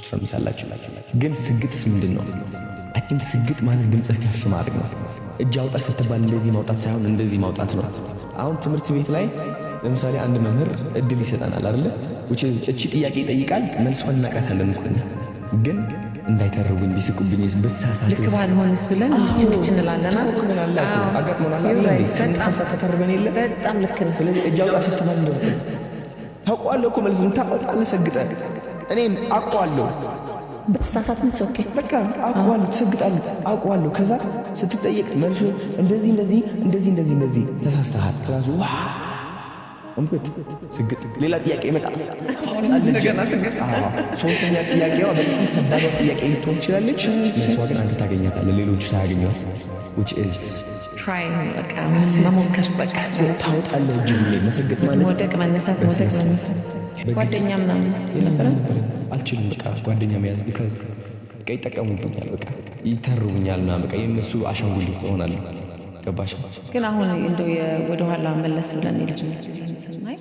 ትፈምሳላችሁ። ግን ስግጥስ ምንድን ነው? አይ ቲንክ ስግጥ ማለት ድምፅህ ከፍ ማድረግ ነው። እጅ አውጣ ስትባል እንደዚህ ማውጣት ሳይሆን እንደዚህ ማውጣት ነው። አሁን ትምህርት ቤት ላይ ለምሳሌ አንድ መምህር እድል ይሰጠናል አለ እቺ ጥያቄ ይጠይቃል፣ መልሷን እናቃታለን እኮ ግን እንዳይተረጉኝ ቢስቁብኝ ብሳሳት ልክ ባልሆንስ ብለን እንድችንች እንላለን። አጋጥሞናል። በጣም ልክ ነው። ስለዚህ እጃውጣ ስትባል እንደወጥ ታውቀዋለህ እኮ መልስ ታመጣለህ። ሰግጠህ እኔም አውቀዋለሁ በተሳሳትን ሰው በቃ አውቀዋለሁ፣ ትሰግጣለህ፣ አውቀዋለሁ። ከዛ ስትጠየቅ መልሱ እንደዚህ እንደዚህ እንደዚህ እንደዚህ እንደዚህ ተሳስተሃል። ትላዙ ዋ እንኩት ስግጥ ሌላ ጥያቄ ይመጣል። ሶስተኛ ጥያቄዋ በጣም ከባድ ጥያቄ ልትሆን ትችላለች። እሷ ግን አንተ ታገኛታለህ፣ ሌሎቹ ሳያገኟት መሞከር በቃ ታወጣለህ። እጅ መነሳት፣ መውደቅ፣ መነሳት ጓደኛ ምናምን ነበረ። አልችልም በቃ ጓደኛ መያዝ ቢካዝ በቃ ይጠቀሙብኛል፣ በቃ ይተርቡኛል፣ ምናምን በቃ የእነሱ አሻንጉሊት እሆናለሁ። ገባሽ ግን አሁን እንደው ወደኋላ መለስ ብለን የልጅነት ስናይ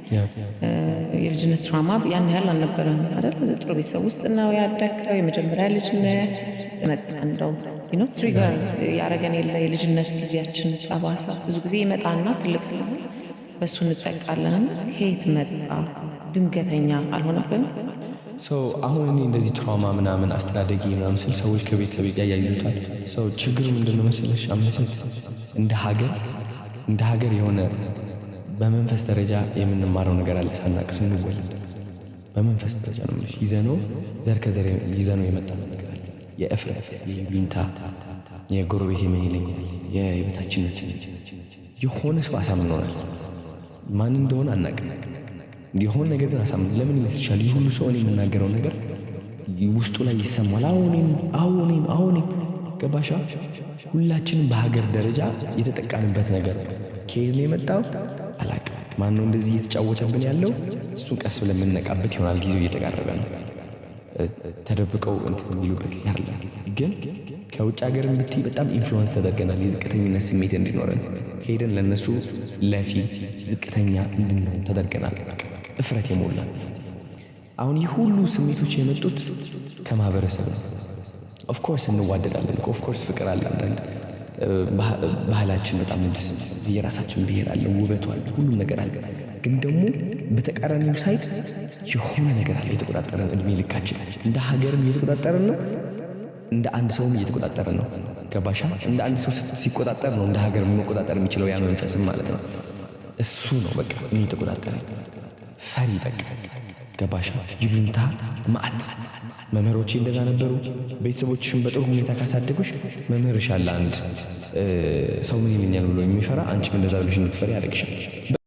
የልጅነት ትራማ ያን ያህል አልነበረም አይደል? ጥሩ ቤተሰብ ውስጥ ነው ያደግከው። የመጀመሪያ ልጅነት እንደው ነው ትሪገር ያደረገን የለ የልጅነት ጊዜያችን ጠባሳ ብዙ ጊዜ ይመጣና ትልቅ ስለሆ በእሱ እንጠቃለንና ከየት መጣ ድንገተኛ አልሆነብንም። ሰው አሁን እኔ እንደዚህ ትራውማ ምናምን አስተዳደጊ ምናምን ስል ሰዎች ከቤተሰብ ያያይዙታል። ሰው ችግሩ ምንድነው መሰለሽ አመሰት እንደ ሀገር እንደ ሀገር የሆነ በመንፈስ ደረጃ የምንማረው ነገር አለ። ሳናቅ ስንወለድ በመንፈስ ደረጃ ነው ይዘኖ ዘር ከዘር ይዘኖ የመጣ ነገር አለ። የእፍረት፣ የቢንታ፣ የጎረቤት የመሄለኛል፣ የበታችነት የሆነ ሰው አሳምኖናል። ማን እንደሆነ አናቅም። የሆን ነገር ግን አሳምንት ለምን ይመስልሻል? ይህ ሁሉ ሰው እኔ የምናገረው ነገር ውስጡ ላይ ይሰማል። አሁኔም አሁኔም አሁኔም ገባሻ? ሁላችንም በሀገር ደረጃ የተጠቃንበት ነገር ነው። ከየት ነው የመጣው አላቅ። ማን ነው እንደዚህ እየተጫወተብን ያለው? እሱን ቀስ ብለን የምንነቃበት ይሆናል። ጊዜው እየተቃረበ ነው። ተደብቀው እንትን የሚሉበት ያለ ግን ከውጭ ሀገር ብት በጣም ኢንፍሉዌንስ ተደርገናል። የዝቅተኝነት ስሜት እንዲኖረን ሄደን ለእነሱ ለፊ ዝቅተኛ እንድንሆን ተደርገናል። እፍረት የሞላ አሁን ይህ ሁሉ ስሜቶች የመጡት ከማህበረሰብ ነው። ኦፍኮርስ እንዋደዳለን፣ ኦፍኮርስ ፍቅር አለ። አንዳንድ ባህላችን በጣም ደስ የራሳችን ብሔር አለ፣ ውበቱ አለ፣ ሁሉም ነገር አለ። ግን ደግሞ በተቃራኒው ሳይት የሆነ ነገር አለ የተቆጣጠረን እድሜ ልካችን እንደ ሀገርም እየተቆጣጠረን ነው፣ እንደ አንድ ሰውም እየተቆጣጠረ ነው። ገባሻ? እንደ አንድ ሰው ሲቆጣጠር ነው እንደ ሀገር መቆጣጠር የሚችለው ያ መንፈስም ማለት ነው። እሱ ነው በቃ እኔ የተቆጣጠረኝ ፈሪ በቃ ገባሽ? ይሉኝታ ማዕት መምህሮቼ እንደዛ ነበሩ። ቤተሰቦችሽን በጥሩ ሁኔታ ካሳደጉሽ መምህርሽ አለ አንድ ሰው ምን ይለኛል ብሎ የሚፈራ አንቺም እንደዛ ብለሽ እንድትፈሪ ያደርግሻል።